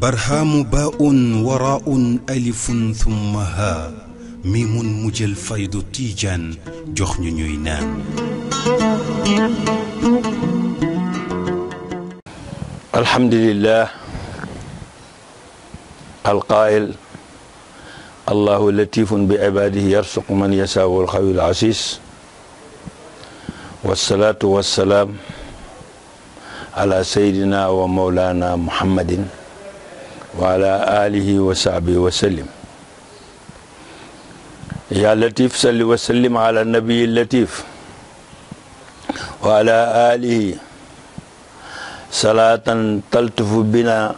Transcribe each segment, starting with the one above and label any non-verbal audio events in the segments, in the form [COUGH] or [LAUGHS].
برهام باء وراء ألف ثم ها ميم مجل فيض تيجان جخن نينان الحمد لله القائل الله لطيف بعباده يرزق من يشاء الخير العزيز والصلاة والسلام على سيدنا ومولانا محمد وعلى آله وصحبه وسلم يا لطيف صل وسلم على النبي اللطيف وعلى آله صلاة تلتف بنا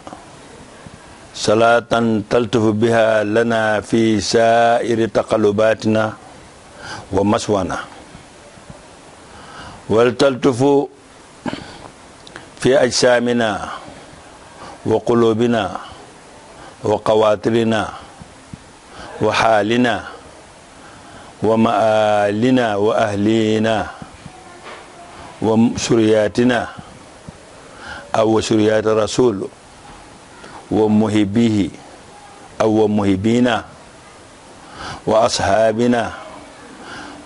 صلاة تلتف بها لنا في سائر تقلباتنا ومسوانا ولتلتف في أجسامنا وقلوبنا وقواتلنا وحالنا ومآلنا وأهلينا وسرياتنا أو سريات الرسول ومهبيه أو مهبينا وأصحابنا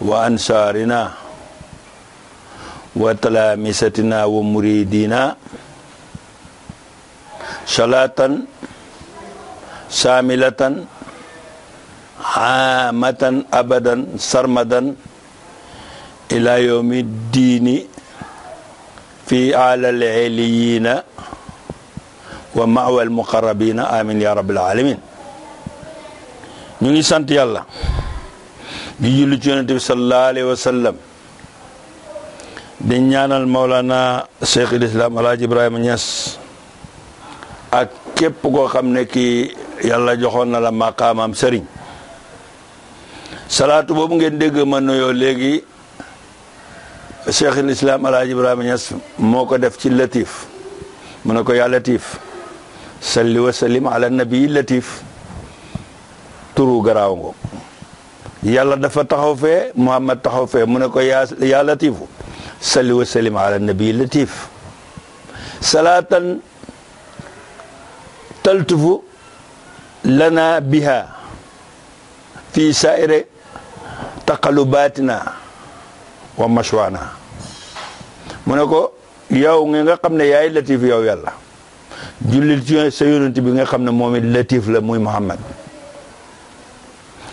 وأنصارنا وتلامستنا ومريدنا صلاة شاملة عامة أبدا سرمدا إلى يوم الدين في أعلى العليين ومعوى المقربين آمين يا رب العالمين ñu ngi الله yàlla di صلى الله عليه وسلم di ñaanal Maulana Cheikh al Islam El Hadj Ibrahima Niass ak képp koo xam ne kii yàlla joxoon na la maqaamam sëriñ salaatu boobu ngeen dégg man nuyoo léegi Cheikh al Islam El Hadj Ibrahima Niass moo ko def ci latif mu ne ko yaa latif salli wa sallim ala nabii latif turu garaaw ngo yàlla dafa taxaw fee taxaw fee mu ne ko yaa latifu salli wa sallim ala nabi latif salaatan taltufu lana biha fi saire taqalubatina wa mashwana mu ne ko yow nga nga xam ne yaay latif yow yàlla jullit ci bi nga xam ne moom it latif la muy muhammad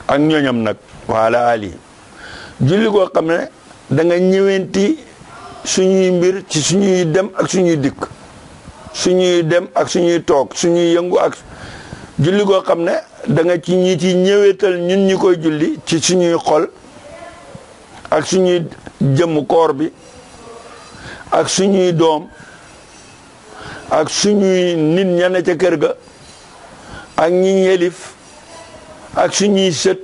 ak ñooñam nag waala ali julli koo xam ne da nga ñëwenti suñuy mbir ci suñuy dem ak suñuy dikk suñuy dem ak suñuy toog suñuy yëngu ak julli goo xam ne danga ci ñi ci ñëweetal ñun ñi koy julli ci suñuy xol ak suñuy jëmm koor bi ak suñuy doom ak suñuy nit ña ne ca kër ga ak ñi ñelif ak suñuy sët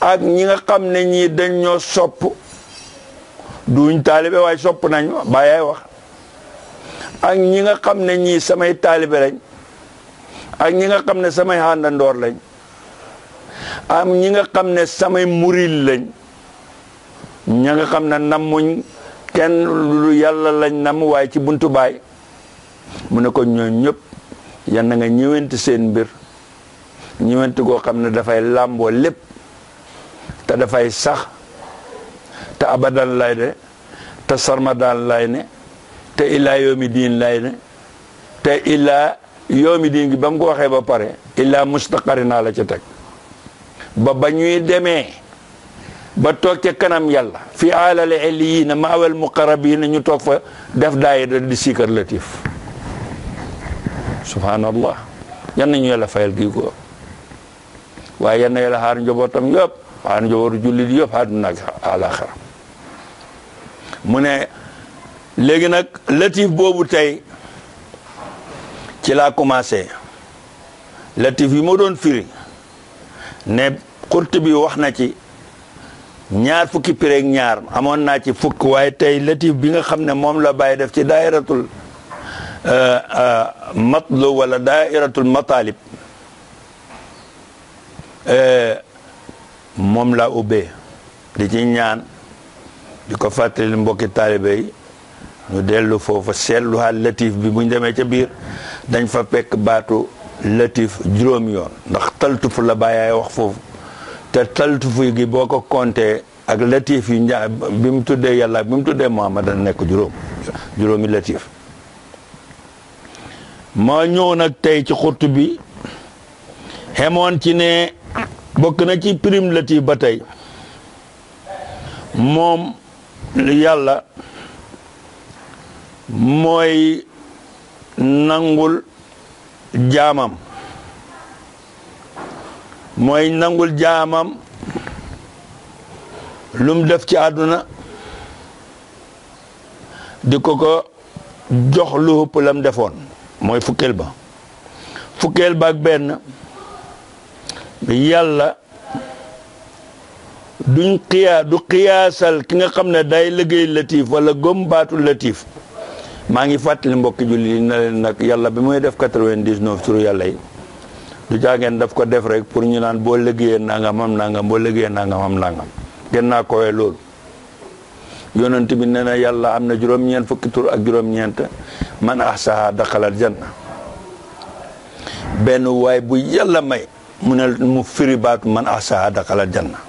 ak ñi nga xam ne ñi dañoo sopp duñ taalibe waa sopp nañ ma bàyyaay wax ak ñi nga xam ne ñii samay taalibe lañ ak ñi nga xam ne samay xàndandoor lañ am ñi nga xam ne samay muril lañ ña nga xam ne nammuñ kenn lu yàlla lañ namm waaye ci buntu baay mu ne ko ñoo ñëpp yan na nga ñëwante seen mbir ñëwante goo xam ne dafay làmboo lépp te dafay sax te abadan lay de te sarmadan lay ne te illaa yoomi diin lay ne te illa yoomi diin gi ba mu ko waxee ba pare illaa mustaqari naa la ca teg ba ba ñuy demee ba toog ca kanam yàlla fi alal illiyiina maawal muqarrabiina ñu toog fa def daayira di sikar latif subhaanallah yan nañu yàlla fayal gi ko waaye yan na yàlla xaar njobootam yëpp xaar njobootu jullit yëpp xaar du nag àlaxira mu ne léegi nag latif boobu tey ci laa commencé latif yi ma doon firi ne bi wax na ci ñaar fukki pireeg ñaar amoon naa ci fukk waaye tey latif bi nga xam ne moom la bàyyi def ci daayiratul euh, euh, matlu wala daayiratul matalib euh, moom la ubbee di ci ñaan di ko fàttali mbokki taalibe yi ñu dellu foofa seetlu xaal latif bi bu ñu demee ca biir dañ fa pekk baatu latif juróom yoon ndax taltuf la bàyyaay wax foofu te taltuf gi boo ko compté ak latif yu njaa bi mu tuddee yàlla bi mu tuddee Muhammad dana nekk juróom juróomi latif ma ñëw nag tey ci xurt bi xemoon ci ne bokk na ci prime latif ba tey moom yàlla mooy nangul jaamam mooy nangul jaamam lum def ci àdduna di ko ko jox lu ëpp lam defoon mooy fukkeel ba fukkeel ba ak benn yàlla duñ xiyaa du xiyaasal ki nga xam ne day liggéey latif wala gëm baatu latif maa ngi fàttali mbokki julli yi na leen nag yàlla bi muy def 99 turu yàlla yi du jaageen daf ko def rek pour ñu naan boo liggéeyee nangam am nangam boo liggéeyee nangam am nangam gen naa kowee loolu yonent bi nee na yàlla am na juróom-ñeent fukki tur ak juróom-ñeent man ahsaha daxalal janna benn waay bu yàlla may mu ne mu firi baatu man ahsaha daxalal janna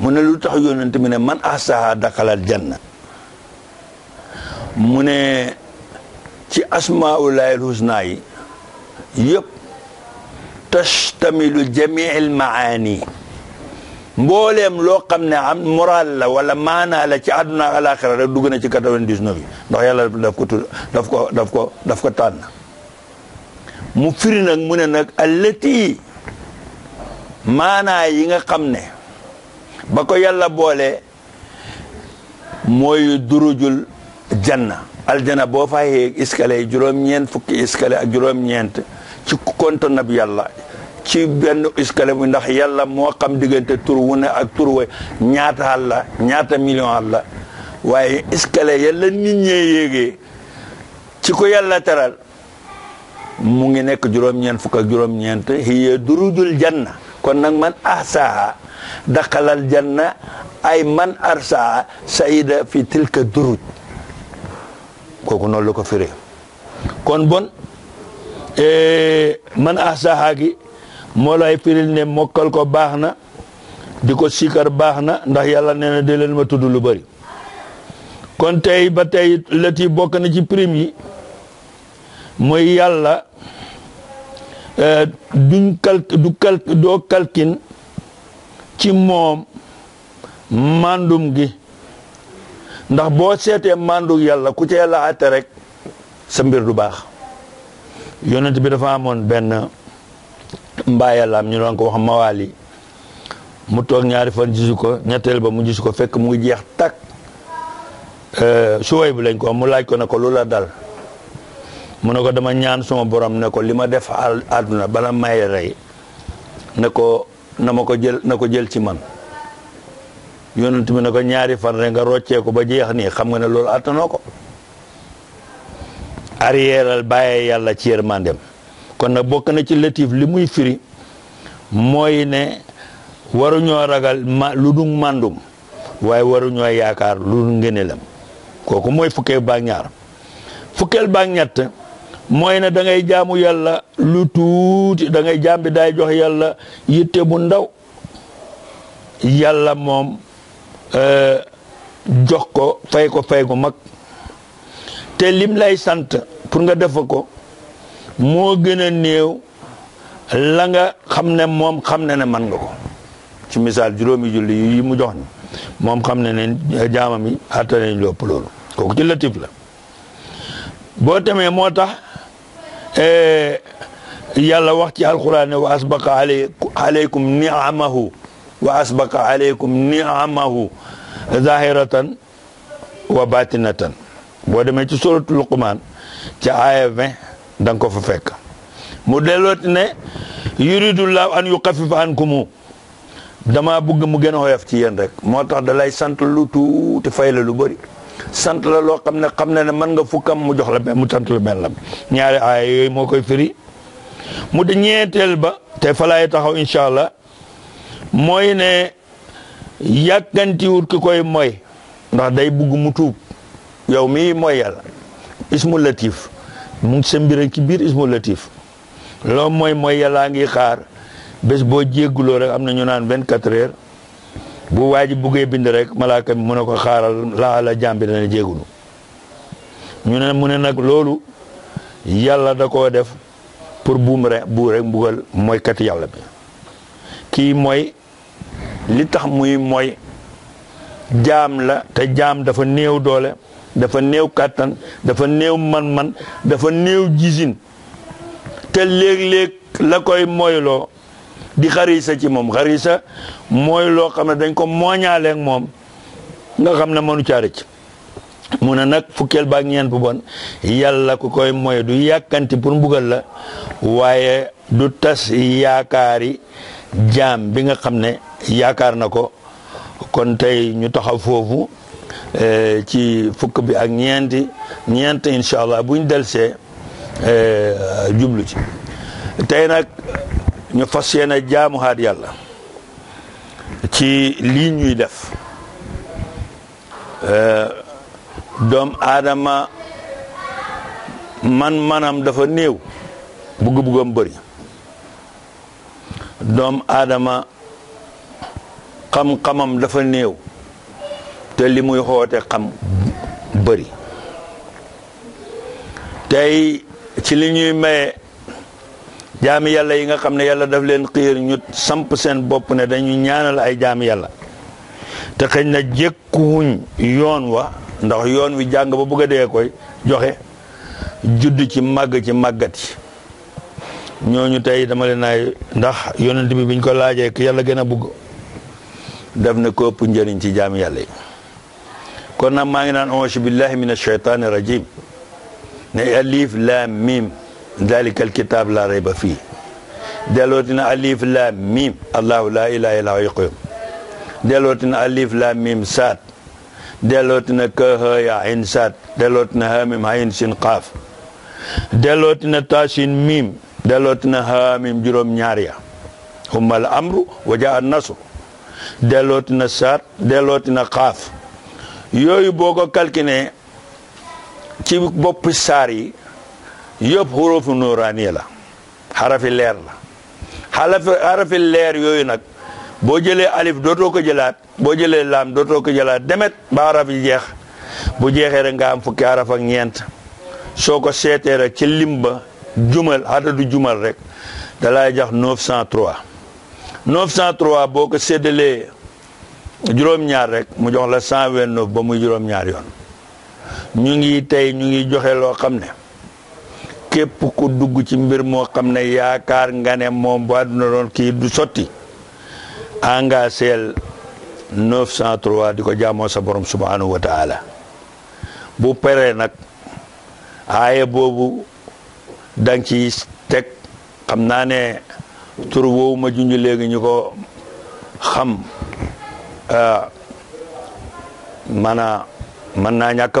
mu ne lu tax yonent mi ne man ahsaha daxalal janna mu ne ci asma alhusna yi yëpp tashtamilu jamiil maani mboolem loo xam ne am moral la wala maanaa la ci àdduna ak rek dugg na ci 99 yi ndax yàlla daf ko tudd daf ko daf ko daf ko tànn mu firi nag mu ne nag allati maanaa yi nga xam ne bako ko yàlla boolee mooy durujul janna aljana boo fa yéeg escalier juróom-ñeent fukki escalier ak juróom-ñeent ci konto nab yàlla ci benn escalier mu ndax yàlla moo xam diggante tur wu ak tur wa ñaata àll la ñaata million àll la waaye escalier yàlla nit ñee yéegee ci teral mu ngi nekk juróom-ñeent fukk juróom-ñeent hiya durujul janna kon man ahsaha daxalal janna ay man arsa saida fi tilka duruj kooku noonu la ko firee kon bon e, man ahsaha hagi molay firil ne mokal ko baxna diko sikar baxna ndax yalla neena de len ma tuddu lu bari kon tay ba tay lati bok na ci prime yi moy yalla Euh, duñ kal du kalkin ci moom mandum gi ndax boo seetee mandu yàlla ku ce yàlla àtte rek sa mbir du baax yonent bi dafa amoon benn mba yàlla am ñu doon ko wax mawaali mu toog ñaari fan gisu ko ñetteel ba mu gisu ko fekk mu jeex takk euh, suway bi lañ ko mu laaj ko ne ko lu la dal mu dama ñaan suma borom ne ko lima def aduna bala may ray ne ko na ko jël ne ko jël ci man yonent bi ne ko ñaari fan re nga rocce ko ba jeex ni xam nga ne loolu atanoko ko baye yalla ci yermandem kon nag bok na ci latif limuy firi moy ne waruñoo ragal ma lu dul màndum waaye waruñoo yaakaar lu ngeenelam koku moy mooy fukkee ñaar fukel baag ñatt mooy na dangay jaamu yàlla lu tuuti da ngay jaam bi daay jox yàlla yitte bu ndaw yàlla moom euh, jox ko fay ko fay ko mag te lim lay sant pour nga defa ko moo gën a néew la nga xam ne moom xam ne ne man nga ko ci misaal juróomi julli yi mu jox ni moom xam ne ne jaamam yi àttanañ lépp loolu kooku ci latif la boo tamee moo tax yàlla wax ci alquran ne wa asbaqa alaykum niamahu wa asbaqa alaykum niamahu zahiratan wa batinatan boo demee ci suratu luqman ci aaya 20 da nga ko fa fekk mu dellooti ne yuridullahu an yuxafifa ankumu dama bëgg mu gën a woyof ci yéen rek moo tax da lay sant lu tuuti fay la lu bëri sant la loo xam ne xam ne ne man nga fukkam mu jox la benn mu sant la benn ñaari aaya yooyu moo koy firi mu de ñeenteel ba te falaay taxaw incha allah mooy ne yàkkantiwut ki koy mooy ndax day bugg mu tuub yow mii mooy yàlla ismu latif mu ngi mbir ci biir ismu latif loo mooy mooy yàllaa ngi xaar bés boo jégguloo rek am na ñu naan vingt-quatre heures bu waa ji buggee bind rek malaaka mi mu ne ko xaaral laala jàmbi dana jéegulu ñu ne mu ne nag loolu yàlla da koo def pour buum rek bu rek mbugal mooy kat yàlla bi kii mooy li tax muy mooy jaam la te jaam dafa néew doole dafa néew kàttan dafa néew man-man dafa néew jisin te léeg-léeg la koy moyloo di xarisa ci moom xarisa mooy loo xam ne dañ ko mooñaaleeg moom nga xam ne mënu caa rëcc mu ne nag fukkeel baak ñeent bu bon yàlla ku koy mooy du yàkkanti pour mbugal la waaye du tas yaakaari jaam bi nga xam ne yaakaar na ko kon tey ñu taxaw foofu eh, ci fukk bi ak ñeenti ñeent incha allah buñ delsee eh, jublu ci tey nag ñu fas yéene jaamu xaat yàlla ci lii ñuy def euh, doom aadama man manam dafa néew bugg-buggam bari doom aadama xam-xamam dafa néew te li muy xoote xam bëri tey ci li ñuy jaami yàlla yi nga xam ne yàlla daf leen xiir ñu samp seen bopp ne dañu ñaanal ay jaam yàlla te xëñ na jékkuwuñ yoon wa ndax yoon wi jàng ba bugga a dee koy joxe judd ci màgg ci màggat yi ñooñu tey dama leen ay ndax yonent bi biñ ko laajee ki yàlla gën a bëgg daf ne ko ëpp njëriñ ci jaami yàlla kon nag maa ngi naan auzu billahi min ashaytaani rajim ne alif laam miim dalikal kitaab laa rayba fii delloo tina alif laam miim allahu laa ilaaha illaa huwal qayyuum delloo tina alif laam miim saat delloo tina ka haa yaa ayn saat delloo tina haa miim ayn sin qaaf delloo tina taasin miim delloo tina haa miim juróom ñaar ya hummal amru wa jaa an nasru delloo tina saat delloo tina qaaf yooyu boo ko calculé ci boppi saar yi yëpp xurufu nuuraaniya la xarafi leer la xarafi xarafi leer yooyu nag boo jëlee alif dootoo ko jëlaat boo jëlee laam dootoo ko jëlaat demet ba araf yi jeex bu jeexee rek nga am fukki araf ak ñeent soo ko seetee rek ci limba jumal du jumal rek da lay jox 903 903 boo ko séddalee juróom-ñaar rek mu jox la 129 ba muy juróom-ñaar yoon ñu ngi tey ñu ngi joxe loo xam ne képp ku dugg ci mbir moo xam ne yaakaar nga ne moom bu àdduna doon kii du sotti engaseel 903 di ko jaamoo sa borom subhanahu wa bu peree nag aaya boobu da teg xam naa ne tur woowu ma junj léegi ñu ko xam mana mën naa ñàkk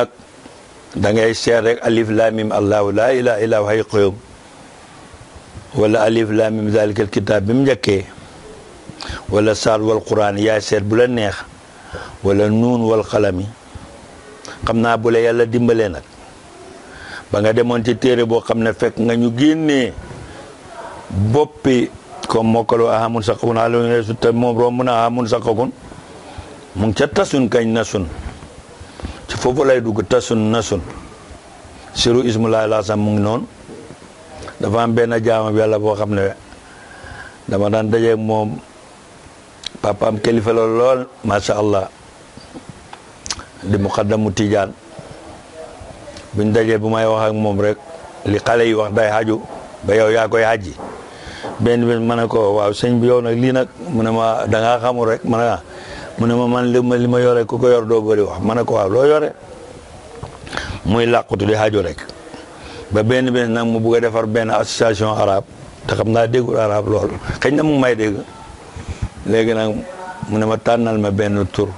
a da ngay seet rek alif laam mim allahu laa ilaaha illaa huwal hayyul qayyuum wala alif laam mim zaalikal kitaab bi mu njëkkee wala saar wal quraan yaay seet neex walla nuun wal xalami xam naa bula la yàlla dimbalee nag ba nga demoon ci téere boo xam ne fek nga ñu génnee boppi comme mokkaloo ahamun saqakun alsu te moom romb na ahamun saqakun mu ngi ca tasun kañ na fofu lay dug tasun nasun siru ismulaay laa sam mu ngi non dafa am ben jaamam bi yalla bo xamne dama mom papa am kelifa lol lol ma sha allah di muqaddamu tijan buñ dajee bu may wax ak mom rek li xale yi wax day haju ba yow ya koy haji ben ben manako ko waaw bi yow nak li nak munema da nga xamul rek manaka mu ne ma man li ma li ma yore ku ko yor doo bëri wax ma ne ko waaw loo yore muy làqutu di xaaju rek ba benn benn nag mu bugg defar benn association arabe te xam naa déggul arabe lool xëy na mu may dégg léegi nag mu ne ma tànnal ma benn tur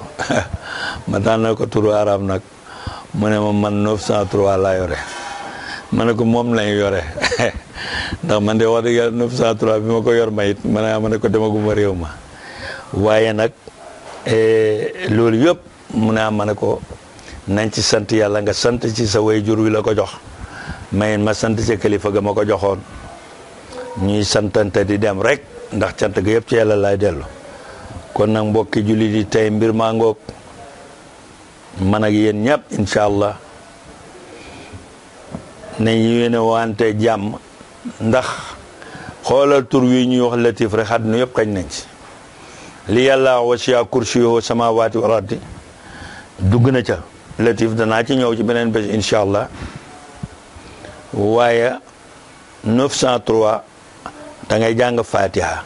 [LAUGHS] ma tànnal ko turu arabe nag mu ne ma man 903 laa yore ma ne ko moom lañ yore [LAUGHS] ndax man de wax dëgg yàlla 903 bi ma ko yor ma ma ne ah, ma ne ko demaguma réew ma waaye nag. Eh, loolu yëpp mu naa mën a ko nañ ci sant yàlla nga sant ci sa wayjur wi la ko jox may ma sant ci kilifa ga ma ko joxoon ñuy santante di dem rek ndax cant ga yëpp ci yàlla laay dellu kon nag mbokki jullit yi tey mbir maa ngoog man ak yéen ñëpp allah nañ yéene wante jàmm ndax xoolal tur wii ñuy wax latif rek àdduna yëpp kañ nañ ci li yàlla wasiya kursiyuhu samawati wal ardi dugg na ca latif danaa ci ñëw ci beneen bés incha allah waaye 903 da ngay jàng fatiha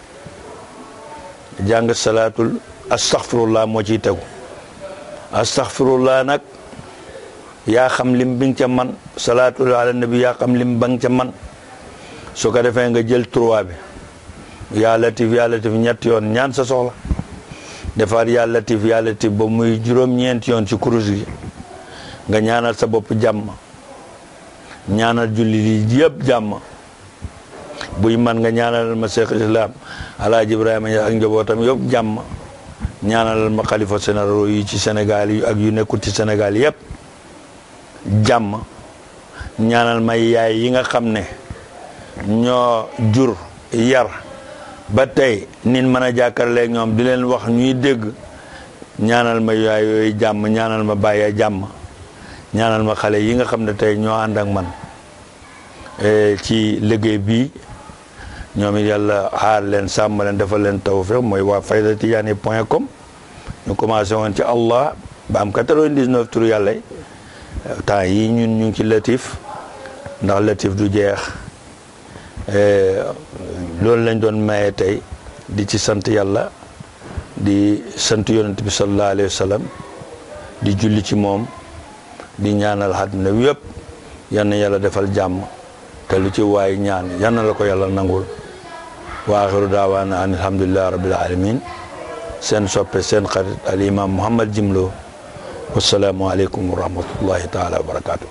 jàng salaatul astaghfirullah moo ciy tegu astaghfirullah nag yaa xam lim bi ca man salaatul ala nabi yaa xam lim ca man su ko defee nga jël trois bi yaa latif yaa latif ñetti yoon ñaan sa soxla defar yàlla tif yàlla tif ba muy juróom-ñeent yoon ci kurus gi nga ñaanal sa boppu jàmm ñaanal jullit yi yëpp jàmm buy man nga ñaanalal ma Cheikh Islam alaaji Ibrahima ak njabootam yëpp jàmm ñaanalal ma xalifa généraux yi ci Sénégal yi ak yu nekkul ci Sénégal yëpp jàmm ñaanal may yaay yi nga xam ne ñoo jur yar ba tey nin mën a jàkkaarleeg ñoom di leen wax ñuy dégg ñaanal ma yaay yooyu jàmm ñaanal ma bàyyi a jàmm ñaanal ma xale yi nga xam ne tey ñoo ànd ak man e, ci liggéey bi ñoom yàlla aar leen sàmm leen defal leen tawfiq mooy waa fayda tijaani point com ñu commencé woon ci allah ba am 99 turu yàlla temps yi ñun ñu ngi ci latif ndax latif du jeex e, loolu lañ doon maye tey di ci sant yàlla di sant yonent bi sallallahu alayhi wa di julli ci moom di ñaanal àddina bi yëpp yal na yàlla defal jàmm te lu ci waay ñaan yal na la ko yàlla nangul wa axiru daawaana an alhamdulillahi alamin seen soppe seen xarit al imam Mouhamed Jim Lo wassalaamu aleykum wa rahmatullahi taala wa barakatuh